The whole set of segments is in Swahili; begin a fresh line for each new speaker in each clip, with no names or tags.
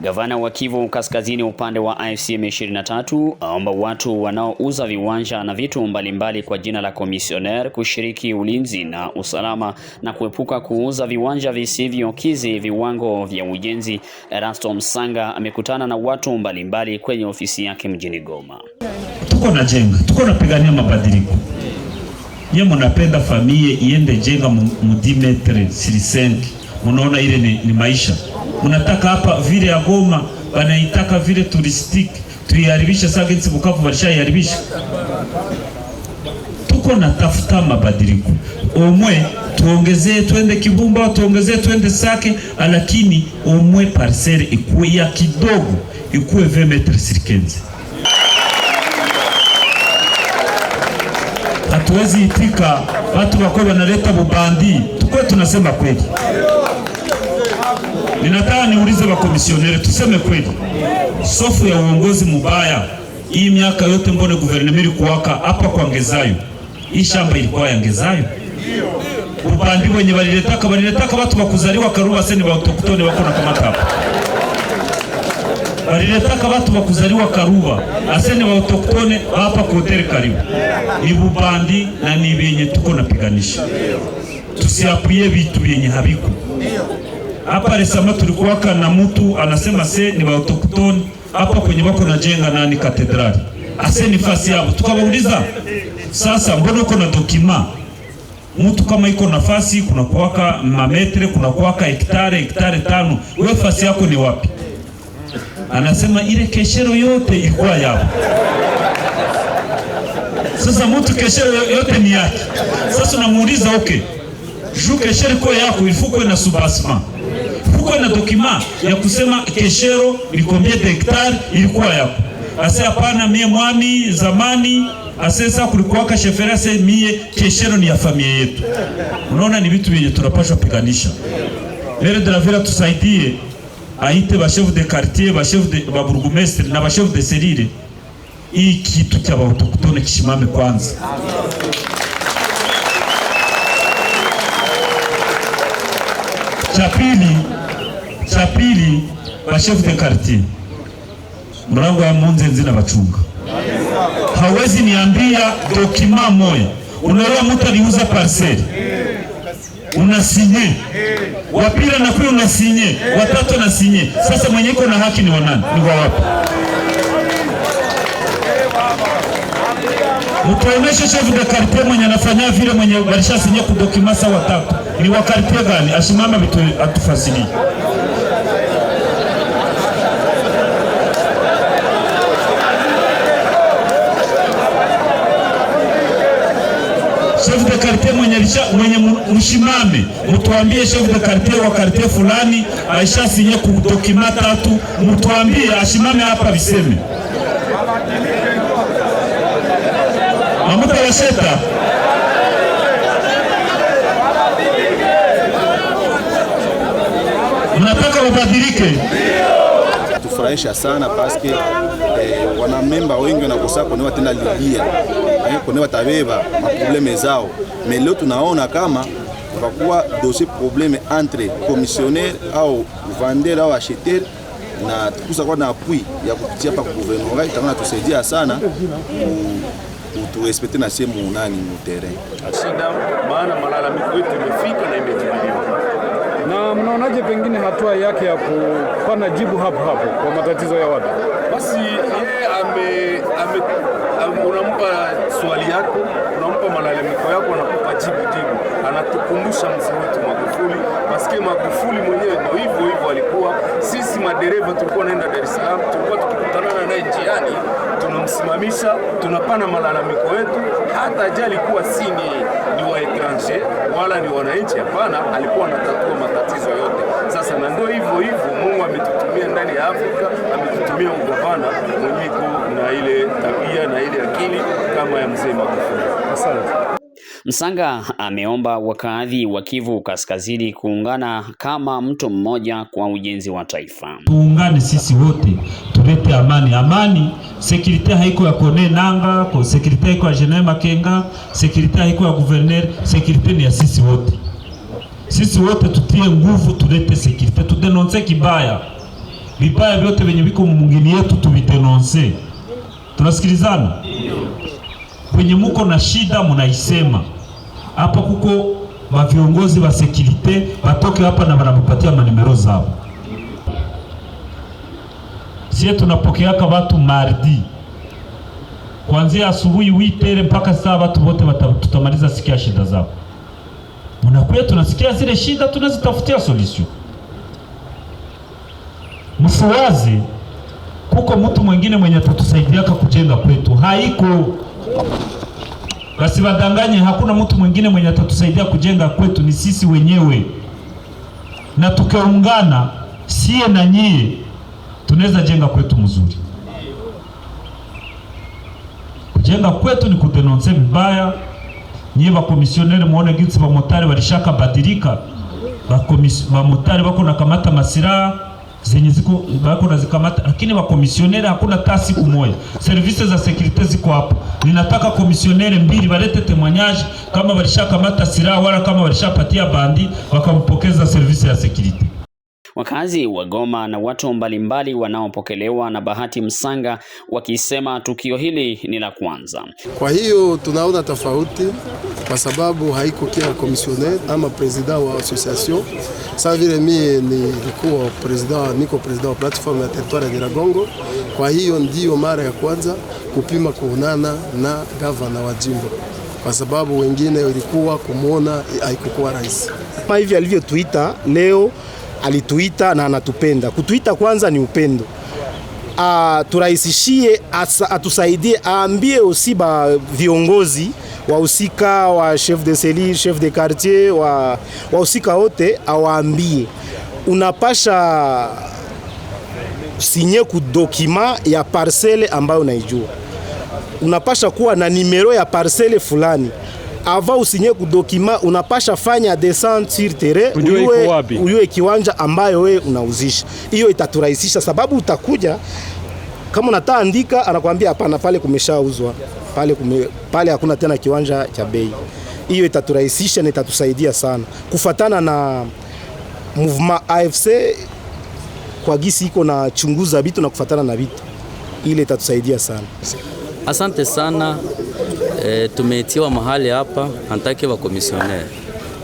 Gavana wa Kivu Kaskazini upande wa AFC M23 aomba watu wanaouza viwanja na vitu mbalimbali mbali kwa jina la komisioner kushiriki ulinzi na usalama na kuepuka kuuza viwanja visivyokizi viwango vya ujenzi. Erasto Msanga amekutana na watu mbalimbali mbali kwenye ofisi yake mjini Goma.
Tuko na jenga, tuko napigania mabadiliko. Nye munapenda familia iende jenga mudimetre 35, munaona ile ni, ni maisha unataka hapa vile ya Goma banaitaka vile turistiki tuiharibisha sagensi Bukavu walishaiharibisha. Tuko na tafuta mabadiliko omwe tuongezee twende Kibumba, tuongezee twende Sake, lakini omwe parcelle ikuwe ya kidogo, ikuwe 20 metre sirkenze. Hatuwezi itika watu wako wanaleta bubandi, tukwe tunasema kweli. Ninataka niulize wakomisioneri, tuseme kweli, sofu ya uongozi mubaya hii miaka yote, mbone guverinema ilikuwaka hapa kwa Ngezayo? Hii shamba ilikuwa ya Ngezayo? Upambi wenye waliletaka waliletaka watu wakuzaliwa Karuba seni wautokutone wako na kamata hapa, waliletaka watu wakuzaliwa Karuba aseni wautokutone hapa ku karibu. Ni bubandi na ni vyenye tuko napiganisha, tusiapuye vitu vyenye habiku hapa resama tulikuwaka na mtu anasema se ni wa waotoktoni hapa kwenye wako najenga nani katedrali ase ni fasi yao, tukawauliza sasa, mbona uko na dokima mtu kama iko na fasi, kuna kuwaka mametre kuna kuwaka hektare hektare tano, wewe fasi yako ni wapi? Anasema ile keshero yote ilikuwa yao. Sasa mtu keshero yote ni yake. Sasa namuuliza okay, juu keshero iko yako ilifukwe na subasma hakukuwa na dokima ya kusema Keshero ni combien de hectare ilikuwa yapo. Ase hapana, mie mwami zamani asesa kulikuwaka shefera se mie Keshero ni ya familia yetu. Unaona, ni vitu vyenye tunapaswa piganisha. Mere de la Villa tusaidie, aite ba chef de quartier, ba chef de ba burgomestre na ba chef de serire, hii kitu cha autochtone kishimame kwanza. Cha pili cha pili ba chef de quartier mrango ya munze nzina bachunga hawezi niambia dokima moya unaelewa, mtu aliuza parcel unasinye pili na kwa unasinye watatu na sinye. Sasa mwenye iko na haki ni wanani? Ni wa wapi? Mtuoneshe chef de quartier mwenye anafanya vile, mwenye barisha sinye kudokimasa watatu ni wa quartier gani? Asimame vitu atufasilie. mwenye mshimame mutwambie, shefu de quartier wa quartier fulani aisha sinye kudokima tatu, mutwambie ashimame hapa, viseme mamuta washeta mnataka ubadilike
tufurahisha sana paske eh, wanamemba wengi wanakosako ne watenda lilia eh, kone watabeba maprobleme zao Mais leo tunaona kama pakuwa dossier probleme entre commissionnaire au vendeur au acheteur na tukusakuwa na appui ya kupitia pa gouvernement itangana tusaidia sana kuturespecte na sehemu nani muterrain.
Shida maana malalamiko yetu imefika na imejibiwa.
Na mnaonaje pengine hatua yake ya kupana jibu hapo hapo kwa matatizo ya watu?
Basi yeye ame, ame, ame, unampa swali yako, unampa malalamiko yako, anakupa jibu jibu, anatukumbusha mzee wetu Magufuli. Masikio Magufuli mwenyewe ndio hivyo hivyo alikuwa. Sisi madereva tulikuwa naenda Dar es Salaam, tulikuwa tukikutana naye njiani tunamsimamisha tunapana malalamiko yetu, hata ajali kuwa si ni wa etranger wala ni wananchi. Hapana, alikuwa anatatua matatizo matatizo yote. Sasa na ndio hivyo hivyo Mungu ametutumia ndani ya Afrika, ametutumia ugavana mwenye iko na ile tabia na ile akili kama ya mzee Magufuli. Asante.
Msanga ameomba wakaadhi wa Kivu Kaskazini kuungana kama mtu mmoja kwa ujenzi wa taifa.
Tuungane sisi wote tulete amani. Amani sekurite haiko ya Kone Nanga, sekurite haiko ya jenema Makenga, sekurite haiko ya guverner, sekurite ni ya sisi wote sisi wote tutie nguvu, tulete sekirite, tudenonse kibaya, vibaya vyote venye viko mungini yetu tuvidenonse. Tunasikilizana? Kwenye muko na shida munaisema hapa, kuko maviongozi wa sekirite batoke hapa na banamupatia manimero zao. Sie tunapokeaka watu mardi kuanzia asubuhi witere mpaka saa watu wote tutamaliza sikia shida zao. Mnakuya tunasikia zile shida, tunazitafutia solution. Msiwazi kuko mtu mwingine mwenye atatusaidiaka kujenga kwetu, haiko basi, wadanganye. Hakuna mtu mwingine mwenye atatusaidia kujenga kwetu, ni sisi wenyewe, na tukiungana sie na nyie tunaweza jenga kwetu mzuri. Kujenga kwetu ni kudenonse vibaya nye bakomisioneri muone gitsi bamotari barishaka badilika bamotari bako nakamata masira zenye ziko bako zikamata, lakini wakomisioneri hakuna hata siku moja. za sekurite ziko hapo. Ninataka komisioneri mbili balete temanyaje kama mata silaha wala kama walishapatia bandi wakampokeza servisi ya sekurite.
Wakazi wa Goma na watu mbalimbali wanaopokelewa na Bahati Msanga wakisema tukio hili ni la kwanza.
Kwa hiyo tunaona tofauti kwa sababu haiko kila komisioner ama presida wa association. Sasa vile mie nilikuwa presida, niko presida wa platform ya territoire ya Nyiragongo. Kwa hiyo ndiyo mara ya kwanza kupima kuonana na gavana wa jimbo kwa sababu wengine ilikuwa kumwona haikukuwa rahisi.
Kama hivi alivyotuita leo alituita na anatupenda. Kutuita kwanza ni upendo. A, ah, turahisishie atusaidie, aambie osi ba viongozi wahusika wa chef de seli, chef de quartier, wa wahusika wote awaambie unapasha sinye kudokima ya parcele ambayo unaijua, unapasha kuwa na nimero ya parcele fulani avant usinye kudokima unapasha fanya descente sur terrain, uyue, uyue kiwanja ambayo wewe unauzisha. Hiyo itaturahisisha sababu utakuja kama unataka andika, anakuambia hapana, ah, pale kumeshauzwa pale, kume, pale hakuna tena kiwanja cha bei. Hiyo itaturahisisha na itatusaidia sana kufatana na movement AFC kwa gisi iko na chunguza vitu na kufatana na vitu, ile itatusaidia sana.
Asante sana. E, tumetiwa mahali hapa antake wa komisionere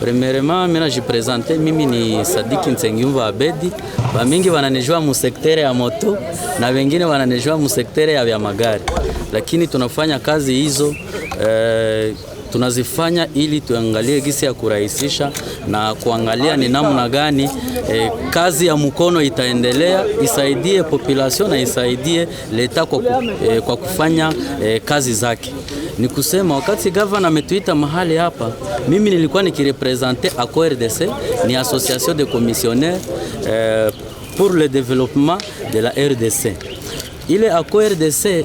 Premierement, mimi najipresente, mimi ni Sadiki Nsengiumva Abedi. Bamingi wananijua mu sektere ya moto na wengine wananijua mu sektere ya magari, lakini tunafanya kazi hizo eh, tunazifanya ili tuangalie gisi ya kurahisisha na kuangalia ni namna gani e, kazi ya mkono itaendelea, isaidie population na isaidie leta kwa, ku, eh, kwa kufanya e, kazi zake. Ni kusema wakati gavana ametuita mahali hapa, mimi nilikuwa nikirepresente ACORDC, ni association de commissionnaires e, pour le développement de la RDC ile ako RDC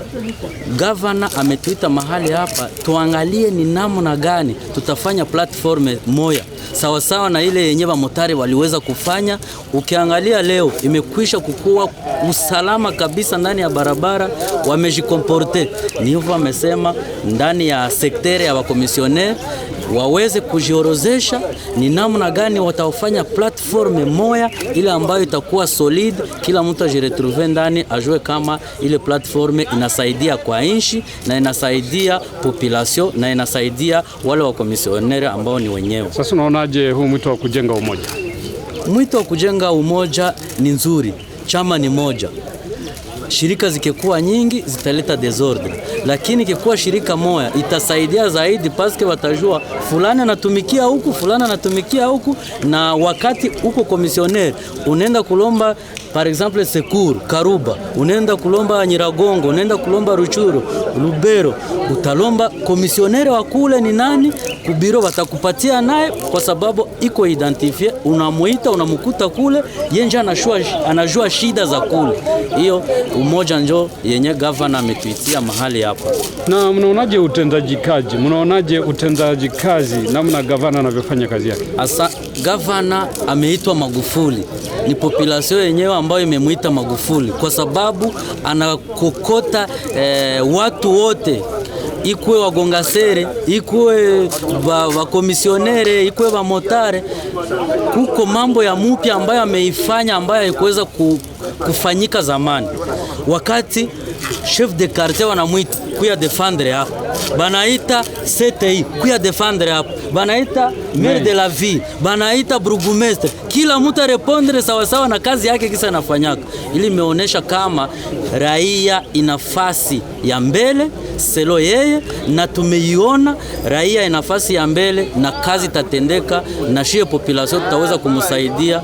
gavana ametuita mahali hapa, tuangalie ni namna gani tutafanya platform moya sawasawa sawa na ile yenye wamotari waliweza kufanya. Ukiangalia leo imekwisha kukua usalama kabisa ndani ya barabara, wamejikomporte ni hivyo, amesema ndani ya sekteri ya wakomisioner waweze kujiorozesha ni namna gani watafanya platform moya ile ambayo itakuwa solid, kila mtu ajiretrouve ndani, ajue kama ile platform inasaidia kwa nchi na inasaidia population na inasaidia wale wa komisioneri ambao ni wenyewe.
Sasa unaonaje huu mwito wa kujenga umoja?
Mwito wa kujenga umoja ni nzuri, chama ni moja shirika zikikuwa nyingi zitaleta desordre, lakini ikikuwa shirika moya itasaidia zaidi, paske watajua fulani anatumikia huku, fulani anatumikia huku, na wakati huko komisioner unaenda kulomba par exemple Sekuru, Karuba, unaenda kulomba Nyiragongo, unaenda kulomba Ruchuru, Lubero, utalomba komisioneri wa kule ni nani kubiro, watakupatia naye kwa sababu iko identifie. Unamuita, unamukuta kule, yenje anajua shida za kule hiyo umoja njo yenye gavana ametuitia mahali hapa.
Na mnaonaje utendaji kazi, mnaonaje utendaji kazi namna gavana anavyofanya kazi yake?
Asa gavana ameitwa Magufuli, ni population yenyewe ambayo imemwita Magufuli kwa sababu anakokota eh, watu wote ikuwe wagongasere ikuwe wakomisionere ikuwe bamotare, kuko mambo ya mupya ambayo ameifanya ambayo haikuweza kufanyika zamani, wakati chef de quartier wanamwita kuya defendre hapo, banaita CTI kuya defendre hapo, banaita maire de la ville, banaita burgomestre, kila mtu arepondre sawasawa na kazi yake kisa anafanyaka. Ili imeonesha kama raia ina nafasi ya mbele selo yeye, na tumeiona raia ya nafasi ya mbele na kazi tatendeka, na shie population tutaweza kumsaidia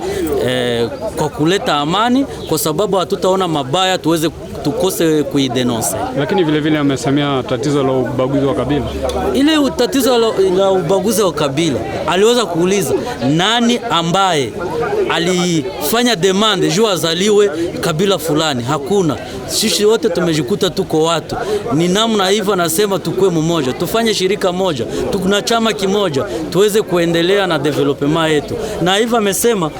eh, kwa kuleta amani, kwa sababu hatutaona mabaya tuweze tukose kuidenonse.
Lakini vilevile amesemea tatizo la ubaguzi wa kabila,
ile tatizo la ubaguzi wa kabila, aliweza kuuliza nani ambaye alifanya demande juu azaliwe kabila fulani, hakuna. Sisi wote tumejikuta tuko watu, ni namna hivyo. nasema tukue mmoja, tufanye shirika moja, tuna chama kimoja, tuweze kuendelea na development yetu. Na hivyo amesema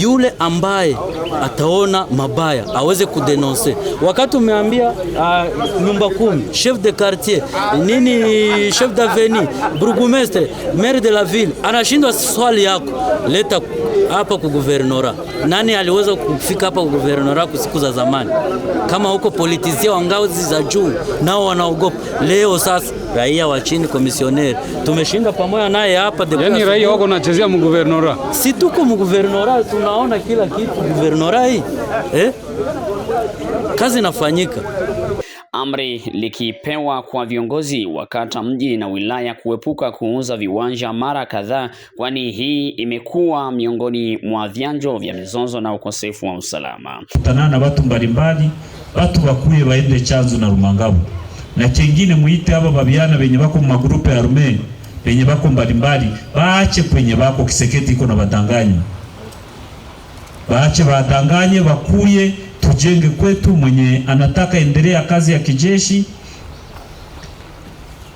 yule ambaye ataona mabaya aweze kudenonse. Wakati umeambia uh, nyumba kumi, chef de quartier nini, chef d'avenue, bourgmestre, maire de la ville, anashindwa swali yako leta hapa kuguvernora. Nani aliweza kufika hapa kuguvernora kusiku za zamani? Kama huko politizia wa ngazi za juu nao wanaogopa leo. Sasa raia wa chini, komisioneri tumeshinda pamoja naye hapa,
yani raia wako nachezea mguvernora,
si tuko mguvernora, tunaona kila kitu guvernora hii eh? kazi inafanyika
amri likipewa kwa viongozi wa kata, mji na wilaya kuepuka kuuza viwanja mara kadhaa, kwani hii imekuwa miongoni mwa vyanzo vya mizozo na ukosefu wa usalama.
Tanana na watu mbalimbali, watu wakuye waende chanzo na Rumangabu na chengine muite hapa babiana wenye wako mu magrupe ya arume wenye wako mbalimbali baache kwenye wako kiseketi iko na badanganywa, baache badanganye wakuye tujenge kwetu. Mwenye anataka endelea kazi ya kijeshi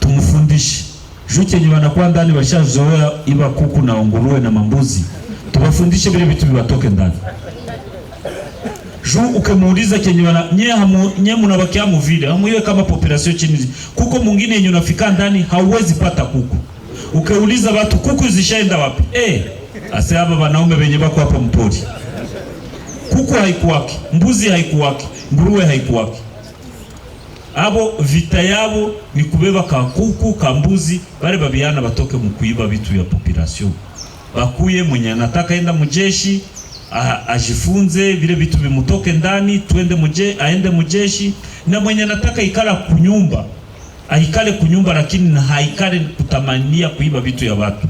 tumfundishe juu chenye wanakuwa ndani washazoea, iba kuku na nguruwe na mambuzi, tuwafundishe vile vitu viwatoke ndani juu ukemuuliza chenye wana nye hamu nye munabakia mu vile iwe kama population chini. Kuko mwingine yenye unafika ndani hauwezi pata kuku. Ukeuliza watu kuku zishaenda wapi? Eh, ase hapa wanaume wenye bako hapo mpori kuku haikuwaki, mbuzi haikuwaki, nguruwe haikuwaki. Abo vita yabo ni kubeba ka kuku ka mbuzi, bale babiana batoke mukuiba vitu ya population, bakuye mwenye anataka enda mujeshi A, ajifunze vile vitu vimutoke ndani, tuende muje, aende mujeshi, na mwenye anataka ikala kunyumba aikale kunyumba, lakini haikale kutamania kuiba vitu ya watu.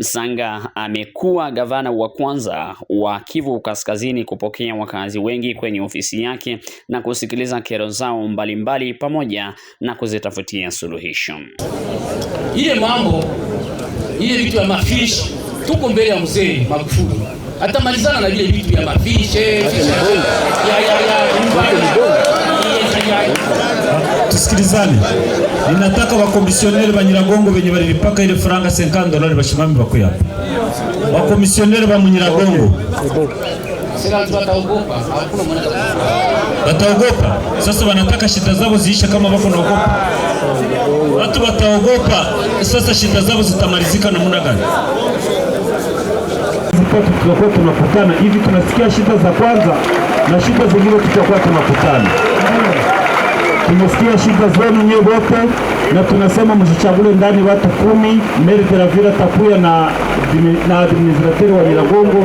Msanga amekuwa gavana wa kwanza wa Kivu Kaskazini kupokea wakazi wengi kwenye ofisi yake na kusikiliza kero zao mbalimbali mbali, pamoja na kuzitafutia suluhisho.
Ile mambo ile vitu ya mafish tuko mbele ya mzee Magufuli atamalizana na vile vitu ya mafish ya ya ya
tusikilizane, ninataka wakomisioneri banyiragongo venye balilipaka ile franga 50 dolari bashimami bakuyapa. Wakomisioneri ba munyiragongo bataogopa. Sasa wanataka shida zabo ziisha, kama wako naogopa watu bataogopa Sasa shida zabo zitamalizika namna gani? Tutakuwa tunakutana hivi, tunasikia shida za kwanza na shida zingine, tutakuwa tunakutana tunasikia shida zenu nyewe wote, na tunasema mzichagulie ndani watu kumi, Meri de la Ville Takuya na na administrateur wa Nyiragongo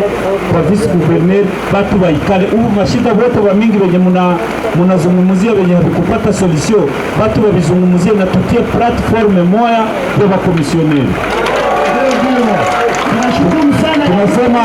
kwa vice guverneri batu baikale uu mashida wote wa mingi wenye munazungumuzia muna wenye havikupata solution, batu babizungumuzie na tutie platforme moya kwa makomisioneri. Tunasema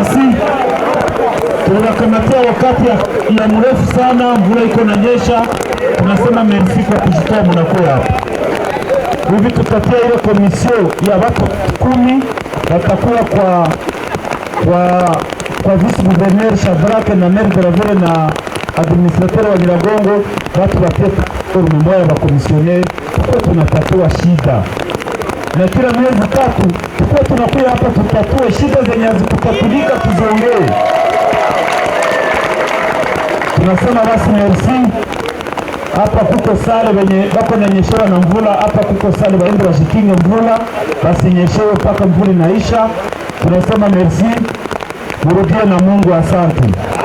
FC tunakamatia wakati ya mrefu sana, mvula iko na nyesha tunasema merci kwa kujitoa, mnakuwa hapa hivi. Tutatia ile komisio ya watu kumi watakuwa kwa kwa kwa vice gouverneur Shadrake na maire ville na administrateur wa Nyiragongo, watu watie memoya wa komisioneri, tuko tunatatua shida na kila miezi tatu Tulikuwa tunakuja hapa tutatue shida zenye hazikutatulika, tuziongee. Tunasema basi merci. Hapa kuko sale wenye bako nanyeshewa na mvula, hapa kuko sale waende washikinge mvula, wasinyeshewe mpaka mvula inaisha. Tunasema merci, murudie na Mungu, asante.